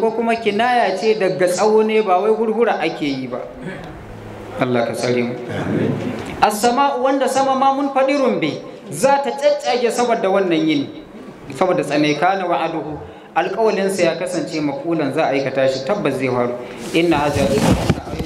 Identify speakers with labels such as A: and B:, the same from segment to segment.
A: ko kuma kinaya ce daga tsawo ne ba wai hurhura ake yi ba Allah ka tsare mu wanda sama ma mun faɗi rumbe za ta caccage saboda wannan yin saboda tsanai kana wa aduhu alƙawalinsa ya kasance makulan za a yi aikata shi tabbas zai faru inna hajaru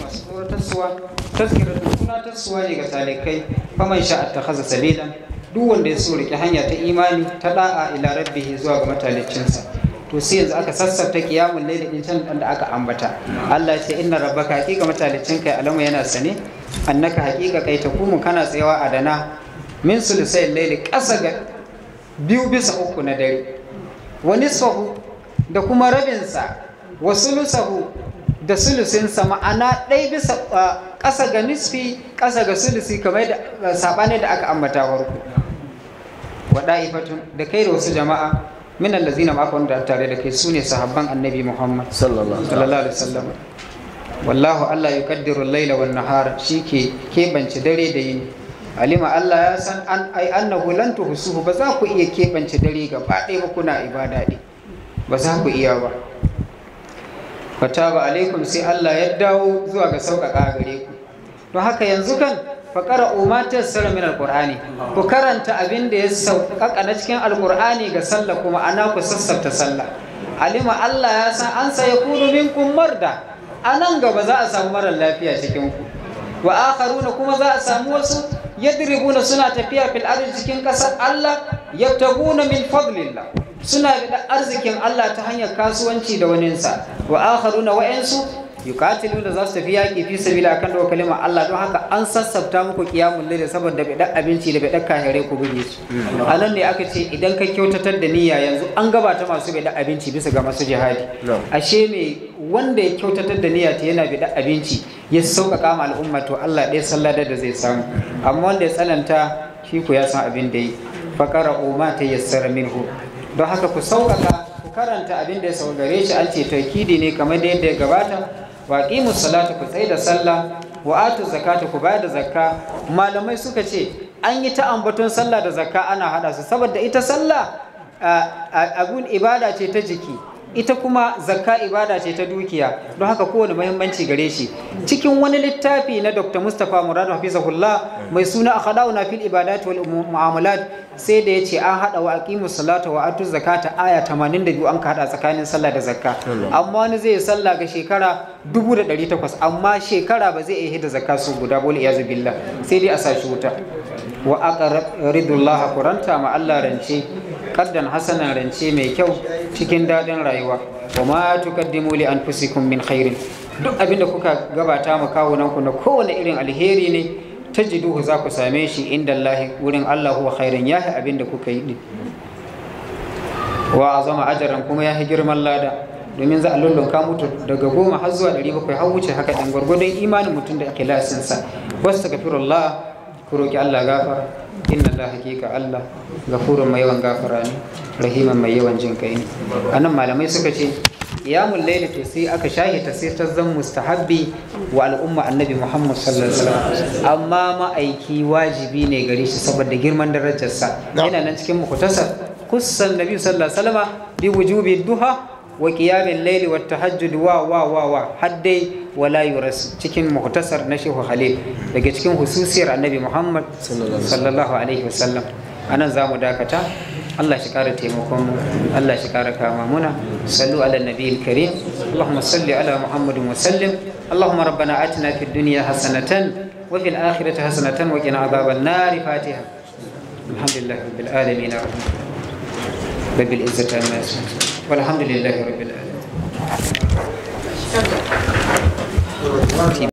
A: masu tsoratarsuwa tazkiratu tunatarsuwa ne ga talikai faman sha'a ta khaza sabilan duk wanda ya so riƙe hanya ta imani ta da'a ila rabbihi zuwa ga matalicinsa to sai yanzu aka sassanta kiyamun laili din can da aka ambata Allah ce inna rabbaka haqiqa matalicin kai alamu yana sani annaka haqiqa kai ta kuma kana tsayawa a dana min sulusai laili kasa ga biyu bisa uku na dare wani sahu da kuma rabinsa wa sulusahu da sulusinsa ma'ana ɗaya bisa ƙasa ga nisfi ƙasa ga sulusi kamar da saɓanin da aka ambata farko wa da'ifatun da kai da wasu jama'a min allazina ma'aka wanda tare da kai sune sahabban annabi Muhammad sallallahu alaihi wasallam wallahu Allah yuqaddiru al-laila wan nahara shi ke kebance dare da yini alima Allah ya san an ai annahu lan tuhsuhu ba za ku iya kebance dare ga ɗaya ba kuna ibada ɗi ba za ku iya ba fataba alaikum sai Allah ya dawo zuwa ga sauƙaƙa gare ku don haka yanzu kan faƙara umatar salamin min alƙur'ani ku karanta abin da ya sauƙaƙa na cikin alƙur'ani ga sallah kuma ana ku sassafta sallah alima Allah ya san an sai kunu kun marda a nan gaba za a samu marar lafiya cikin ku wa akharuna kuma za a samu wasu yadribuna suna tafiya fil cikin ƙasar Allah yabtaguna min fadlillah suna da arzikin Allah ta hanyar kasuwanci da waninsa wa akharuna wa'ansu yukatilu da za su tafi yaƙi fi sabila kan dawa kalima Allah don haka an sassafta muku kiyamun saboda bai abinci da bai dan kahire ku buge su nan ne aka ce idan ka kyautatar da niyya yanzu an gabata masu bai abinci bisa ga masu jihadi ashe me wanda ya kyautatar da niyya ta yana bai abinci ya sauƙaƙa ma al'umma to Allah ɗaya sallada da zai samu amma wanda ya tsananta shi ku ya san abin da yi faqara umma tayassara minhu don haka ku sauƙaƙa ku karanta abin da ya saurare shi an ce taukidi ne kamar da yadda ya gabata wa mu salata ku tsaya da sallah wa atu zakata ku bayar da zakka malamai suka ce an yi ta ambaton sallah da zakka ana hada su saboda ita sallah abun ibada ce ta jiki ita kuma zakka ibada ce ta dukiya don haka kowane mahimmanci gare shi cikin wani littafi na dr mustapha muradu hafizahullah mai suna a akhda'una fil ibadat wal mu'amalat sai da ya ce an hada wa aqimus salata wa atuz zakata aya 82 an ka hada tsakanin sallah da zakka amma wani zai sallah ga shekara 1800 amma shekara ba zai iya da zakka su guda bole iyazu billah sai dai a sashi wuta wa aqridullaha quranta ma Allah rance qaddan hasana rance mai kyau cikin daɗin rayuwa wa ma tuqaddimu li anfusikum min khairin duk abinda kuka gabata ma kawunanku na kowane irin alheri ne tajiduhu za ku same shi inda Allah wurin Allah huwa khairin yahi da kuka yi din wa azama ajaran kuma yahi girman lada domin za a lullunka mutu daga goma har zuwa ɗari bakwai har wuce haka ɗan gwargwadon imanin mutum da ikhlasinsa wasu takafirullah ku roki Allah gafara inna Allah hakika Allah gafurun mai yawan gafara ne rahiman mai yawan jin kai ne anan malamai suka ce Ya layli to sai aka shahi ta sai ta zan mustahabbi wa al'umma annabi Muhammad sallallahu alaihi wasallam amma ma'aiki wajibi ne gare shi saboda girman darajarsa yana nan cikin muktasar. kusan nabi sallallahu alaihi wasallam bi wujubi duha wa qiyamil layli wat tahajjud wa wa wa wa haddai wala yuras cikin muhtasar na Shehu Khalil daga cikin hususiyar Annabi Muhammad sallallahu alaihi wasallam anan zamu dakata Allah shi kara taimakon Allah shi kara kama muna sallu ala nabiyil karim Allahumma salli ala wa sallim Allahumma rabbana atina fid dunya hasanatan wa fil akhirati hasanatan wa qina adhaban nar Fatiha Alhamdulillah rabbil alamin رب العزة عما يصفون والحمد لله رب العالمين